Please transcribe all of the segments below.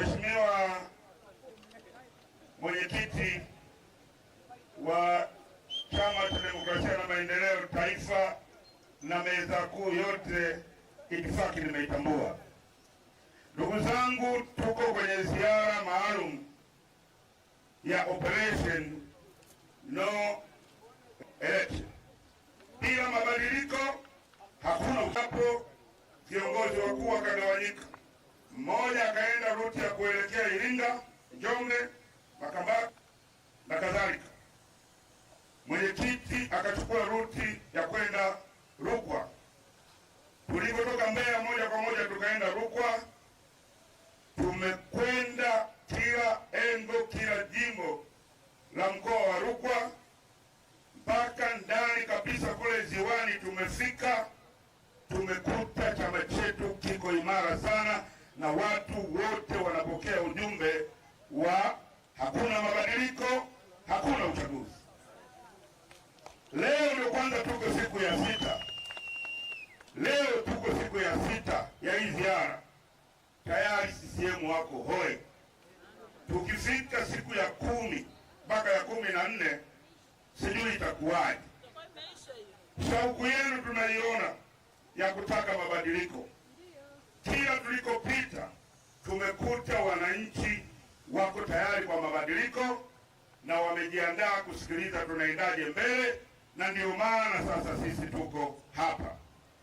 Mheshimiwa mwenyekiti wa Chama cha Demokrasia na Maendeleo Taifa na meza kuu yote, itifaki nimeitambua. Ndugu zangu, tuko kwenye ziara maalum ya operation no election. Bila mabadiliko hakuna. Hapo viongozi wakuu wakagawanyika, mmoja kuelekea Iringa, Njombe, Makambako na kadhalika. Mwenyekiti akachukua ruti ya kwenda Rukwa. Tulipotoka Mbeya moja kwa moja tukaenda Rukwa. Tumekwenda kila endo kila jimbo la mkoa wa Rukwa mpaka ndani kabisa kule ziwani tumefika, tumekuta chama chetu kiko imara sana na watu wote wanapokea wako tayari kwa mabadiliko na wamejiandaa kusikiliza tunaendaje mbele, na ndio maana sasa sisi tuko hapa.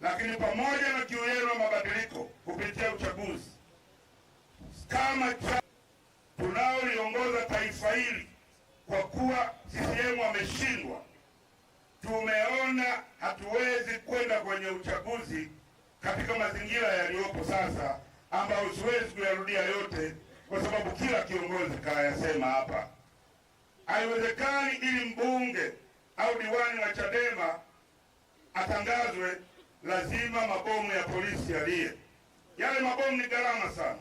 Lakini pamoja na kiu yenu mabadiliko kupitia uchaguzi, kama tunaoliongoza taifa hili, kwa kuwa CCM ameshindwa, tumeona hatuwezi kwenda kwenye uchaguzi katika mazingira yaliyopo sasa, ambayo siwezi kuyarudia yote kwa sababu kila kiongozi kayasema hapa. Haiwezekani ili mbunge au diwani wa Chadema atangazwe, lazima mabomu ya polisi yalie. Yale mabomu ni gharama sana.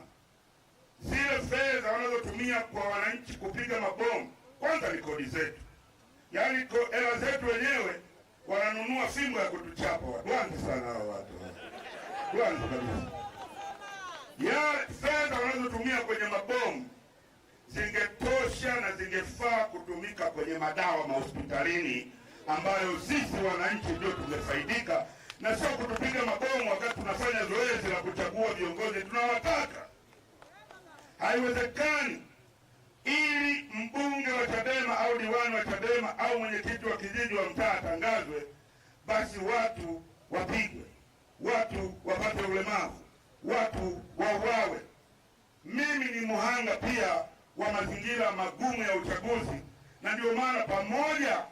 Zile fedha wanazotumia kwa wananchi kupiga mabomu, kwanza ni kodi zetu, yaani hela zetu wenyewe. Wananunua fimbo ya kutuchapa. Watu wanzi sana hao watu, wanzi kabisa ya fedha wanazotumia kwenye mabomu zingetosha na zingefaa kutumika kwenye madawa mahospitalini, ambayo sisi wananchi ndio tumefaidika, na sio kutupiga mabomu wakati tunafanya zoezi la kuchagua viongozi tunawataka. Haiwezekani ili mbunge wa Chadema au diwani wa Chadema au mwenyekiti wa kijiji wa mtaa atangazwe, basi watu wapigwe, watu wapate ulemavu watu wauawe. Mimi ni mhanga pia wa mazingira magumu ya uchaguzi, na ndio maana pamoja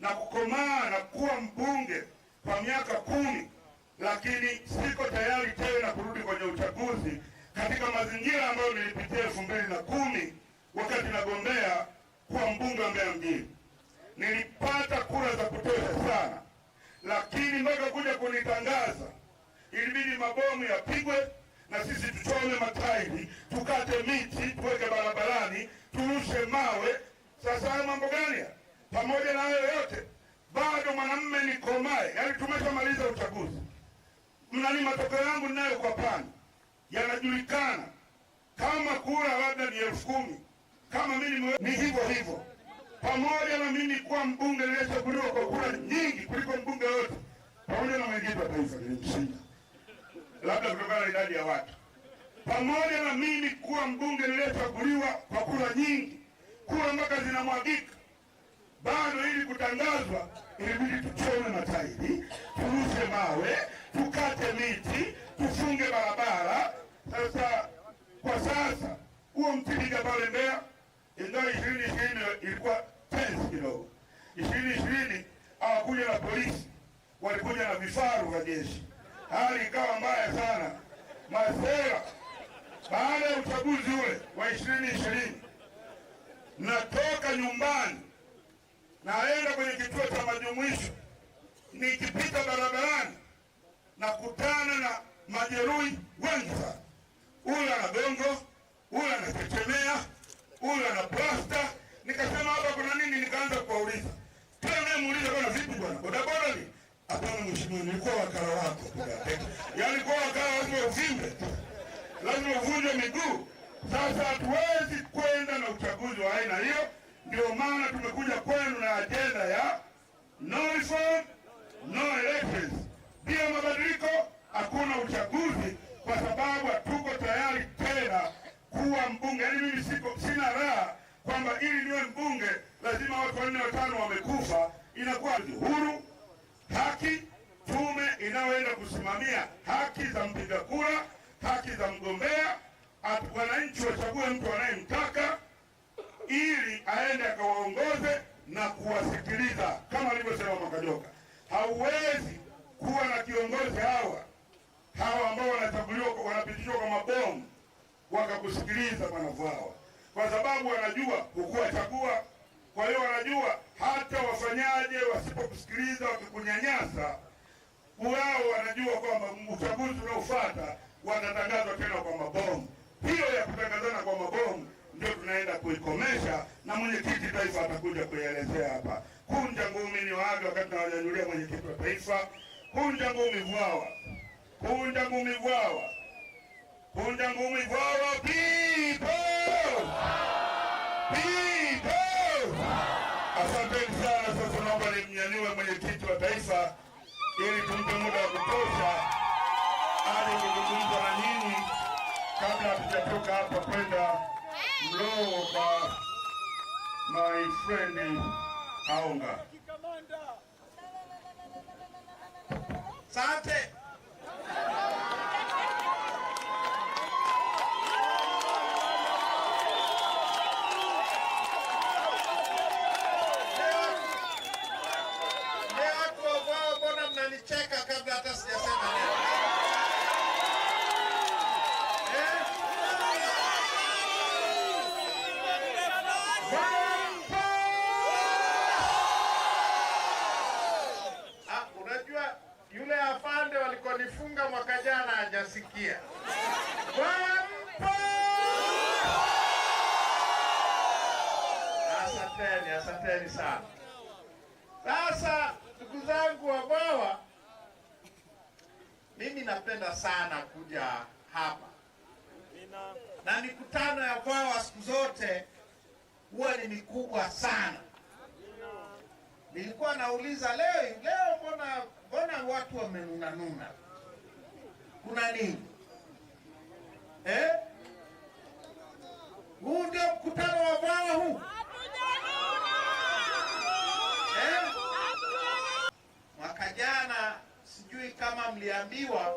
na kukomaa na kuwa mbunge kwa miaka kumi, lakini siko tayari tena kurudi kwenye uchaguzi katika mazingira ambayo nilipitia elfu mbili na kumi wakati nagombea kuwa mbunge wa Mbeya mjini. Nilipata kura za kutosha sana, lakini mpaka kuja kunitangaza ilibidi mabomu yapigwe na sisi tuchome matairi, tukate miti, tuweke barabarani, turushe mawe. Sasa haya mambo gani? Pamoja na hayo yote, bado mwanamme ni komae, Yani tumeshamaliza uchaguzi, mnani matokeo yangu ninayo kwa pani yanajulikana. Kama kura labda ni elfu kumi kama mimi mwe... ni hivyo hivyo, pamoja na mimi kuwa mbunge niliyechaguliwa kwa kura nyingi kuliko mbunge yote, pamoja na mwenyekiti wa taifa nilimshinda labda kutokana na idadi ya watu. Pamoja na mimi kuwa mbunge niliyechaguliwa kwa kura nyingi, kura mpaka zinamwagika, bado ili kutangazwa ilibidi tuchome matairi, turushe mawe, tukate miti, tufunge barabara. Sasa kwa sasa huo Mtiliga pale Mbeya, ingawa ishirini ishirini ilikuwa tense kidogo, ishirini ishirini hawakuja na polisi, walikuja na vifaru vya jeshi hali ikawa mbaya sana. Masela baada ya uchaguzi ule wa ishirini ishirini, natoka nyumbani naenda kwenye kituo cha majumuisho, nikipita barabarani nakutana na majeruhi wengi sana, ule ana gongo, ule anachechemea, ule ana plasta. Nikasema hapa kuna nini? Nikaanza kuwauliza, kila muulize bwana, vipi bwana, bodaboda ni Hapana mheshimiwa, nilikuwa wakala wako yaani kwa wakala lazima uvimbe, lazima uvunje miguu. Sasa hatuwezi kwenda na uchaguzi wa aina hiyo, ndio maana tumekuja kwenu na ajenda ya no reform no elections, bila mabadiliko hakuna uchaguzi, kwa sababu hatuko tayari tena kuwa mbunge. Yaani mimi siko, sina raha kwamba ili niwe mbunge lazima watu wanne watano wamekufa, inakuwa huru haki, tume inayoenda kusimamia haki za mpiga kura, haki za mgombea, wananchi wachague mtu anayemtaka ili aende akawaongoze na kuwasikiliza kama alivyosema Makajoka. Hauwezi kuwa na kiongozi hawa hawa ambao wanachaguliwa wanapitishwa kwa mabomu wakakusikiliza bwana Vwawa, kwa sababu wanajua hukuwachagua. Kwa hiyo wanajua hata wafanyaje, wasipokusikiliza wakikunyanyasa, wao wanajua kwamba uchaguzi unaofuata watatangazwa tena kwa mabomu. Hiyo ya kutangazana kwa mabomu ndio tunaenda kuikomesha, na mwenyekiti taifa atakuja kuielezea hapa. Kunja ngumi ni waaga, wakati nawanyanyulia mwenyekiti wa taifa, kunja ngumi VWAWA, kunja ngumi VWAWA, kunja ngumi VWAWA, pipo pipo Asanteni sana. Sasa naomba nimnyanyue mwenyekiti wa taifa ili tumpe muda wa kutosha ali kuzungumza na nyinyi kabla hatujatoka hapa kwenda mloo kwa my friend Aonga. Asante. kusikia Asanteni, asanteni sana. Sasa ndugu zangu wa Bwawa, mimi napenda sana kuja hapa na mikutano ya Bwawa siku zote huwa ni mikubwa sana. Nilikuwa nauliza leo leo, mbona mbona watu wamenunanuna kuna nini eh? Huu ndio mkutano wa Bwana huu eh? Mwaka jana sijui kama mliambiwa,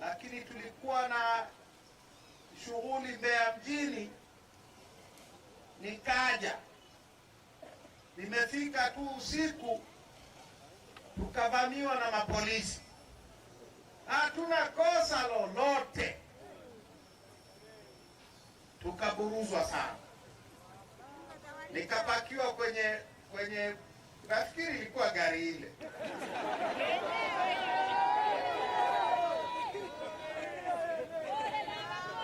lakini tulikuwa na shughuli Mbeya mjini, nikaja nimefika tu usiku tukavamiwa na mapolisi hatuna kosa lolote, tukaburuzwa sana, nikapakiwa kwenye kwenye, nafikiri ilikuwa gari ile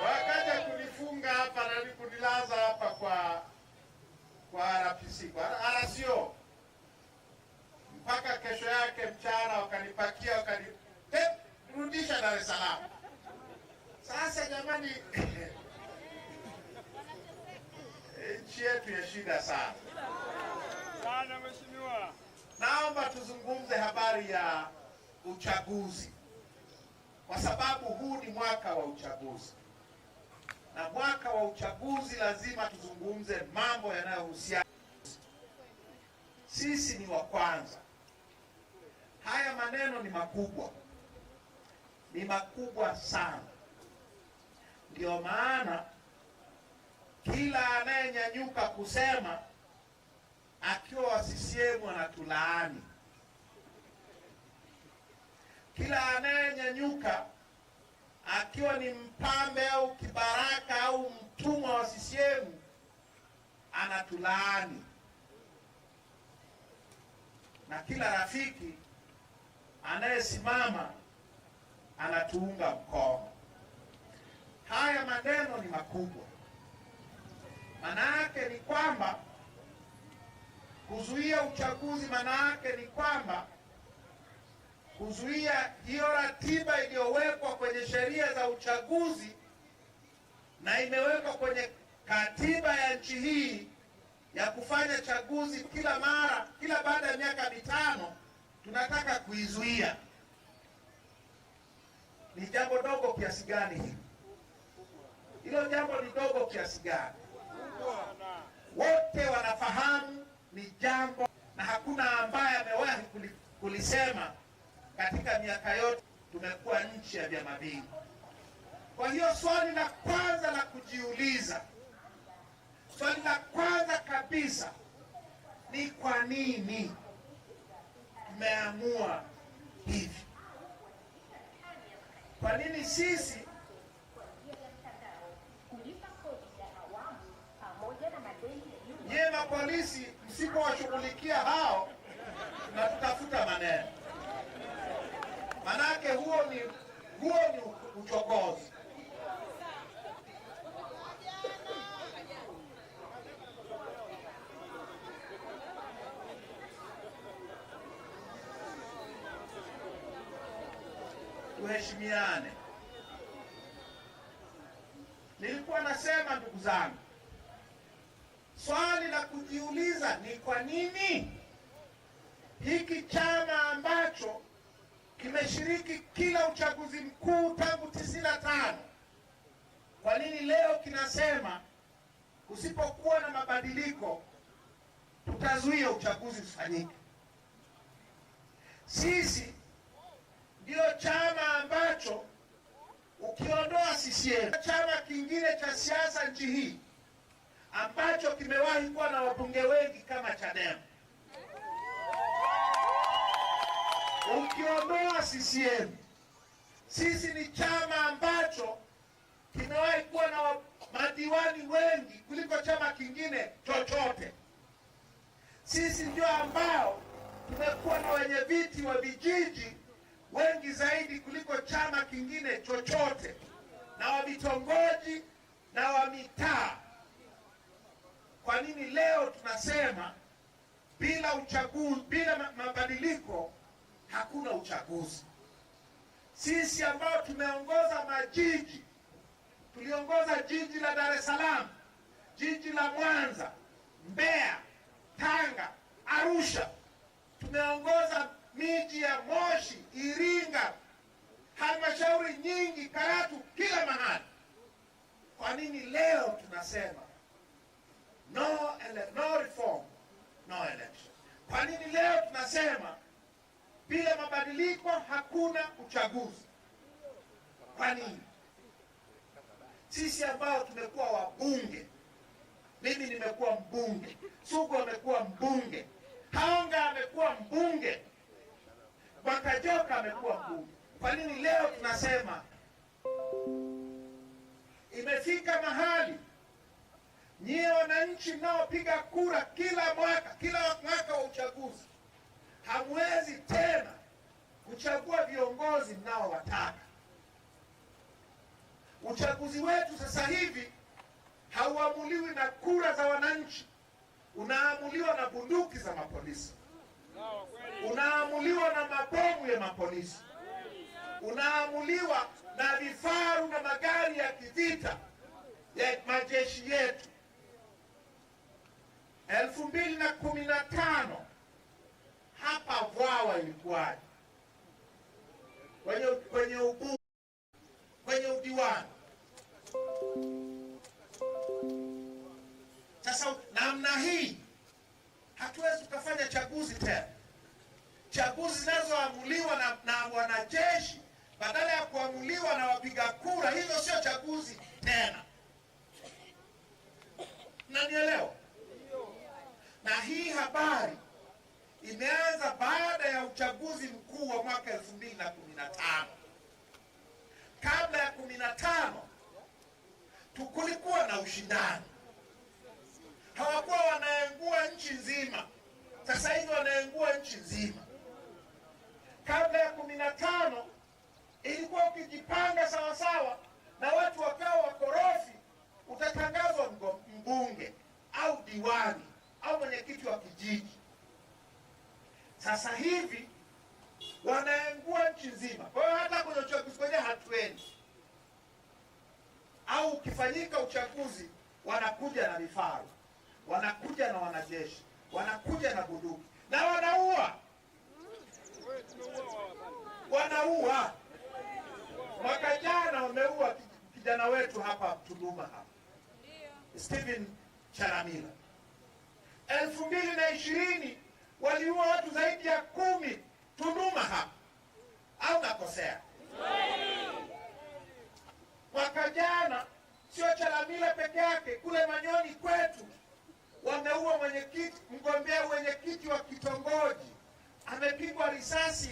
wakaja kunifunga hapa na kunilaza hapa kwa kwa RPC kwa RCO mpaka kesho yake mchana, wakanipakia wakanipa kufundisha Dar es Salaam. Sasa jamani, eh, nchi yetu ya shida sana. Mheshimiwa, naomba tuzungumze habari ya uchaguzi, kwa sababu huu ni mwaka wa uchaguzi, na mwaka wa uchaguzi lazima tuzungumze mambo yanayohusiana. Sisi ni wa kwanza, haya maneno ni makubwa ni makubwa sana. ndio maana kila anayenyanyuka kusema akiwa wa CCM anatulaani, kila anayenyanyuka akiwa ni mpambe au kibaraka au mtumwa wa CCM anatulaani, na kila rafiki anayesimama anatuunga mkono. Haya maneno ni makubwa, maana yake ni kwamba kuzuia uchaguzi, maana yake ni kwamba kuzuia hiyo ratiba iliyowekwa kwenye sheria za uchaguzi na imewekwa kwenye katiba ya nchi hii ya kufanya chaguzi kila mara, kila baada ya miaka mitano, tunataka kuizuia ni jambo dogo kiasi gani hili? Hilo jambo ni dogo kiasi gani? Wote wanafahamu ni jambo, na hakuna ambaye amewahi kulisema katika miaka yote tumekuwa nchi ya vyama vingi. Kwa hiyo swali la kwanza la kujiuliza, swali la kwanza kabisa ni kwa nini tumeamua hivi? Kwa nini sisi nyie mapolisi msipowashughulikia hao na tutafuta maneno, manake huo ni huo ni uchokozi. tuheshimiane. Nilikuwa nasema ndugu zangu, swali la kujiuliza ni kwa nini hiki chama ambacho kimeshiriki kila uchaguzi mkuu tangu tisini na tano kwa nini leo kinasema kusipokuwa na mabadiliko tutazuia uchaguzi usifanyike? Sisi ndiyo chama ambacho ukiondoa CCM, chama kingine cha siasa nchi hii ambacho kimewahi kuwa na wabunge wengi kama Chadema. Ukiondoa CCM, sisi ni chama ambacho kimewahi kuwa na madiwani wengi kuliko chama kingine chochote. Sisi ndio ambao tumekuwa na wenyeviti wa vijiji wengi zaidi kuliko chama kingine chochote, na wa vitongoji na wa mitaa. Kwa nini leo tunasema bila uchaguzi, bila mabadiliko hakuna uchaguzi? Sisi ambao tumeongoza majiji, tuliongoza jiji la Dar es Salaam, jiji la Mwanza, Mbeya, Tanga, Arusha halmashauri nyingi Karatu, kila mahali. Kwa nini leo tunasema no, ele no reform no election? Kwa nini leo tunasema bila mabadiliko hakuna uchaguzi? Kwa nini sisi ambao tumekuwa wabunge, mimi nimekuwa mbunge, Sugu amekuwa mbunge, Haonga amekuwa mbunge, Mwakajoka amekuwa mbunge kwa nini leo tunasema imefika mahali nyie wananchi mnaopiga kura kila mwaka, kila mwaka wa uchaguzi, hamwezi tena kuchagua viongozi mnaowataka. Uchaguzi wetu sasa hivi hauamuliwi na kura za wananchi, unaamuliwa na bunduki za mapolisi, unaamuliwa na mabomu ya mapolisi unaamuliwa na vifaru na magari ya kivita ya majeshi yetu. elfu mbili na kumi na tano hapa Vwawa ilikuwaje? Kwenye, kwenye ubu kwenye udiwani sasa, namna hii hatuwezi tukafanya chaguzi tena, chaguzi zinazoamuliwa na, na wanajeshi badala ya kuamuliwa na wapiga kura. Hizo sio chaguzi tena, nanielewa. Na hii habari imeanza baada ya uchaguzi mkuu wa mwaka elfu mbili na kumi na tano. Kabla ya kumi na tano kulikuwa na ushindani, hawakuwa wanaengua nchi nzima. Sasa hivi wanaengua nchi nzima. wanaua. Mwaka jana wameua kijana wetu hapa Tunduma hapa Stephen Charamila, elfu mbili na ishirini waliua watu zaidi ya kumi Tunduma hapa, au nakosea? Mwaka jana sio charamila peke yake, kule Manyoni kwetu wameua mwenyekiti, mgombea mwenyekiti wa kitongoji amepigwa risasi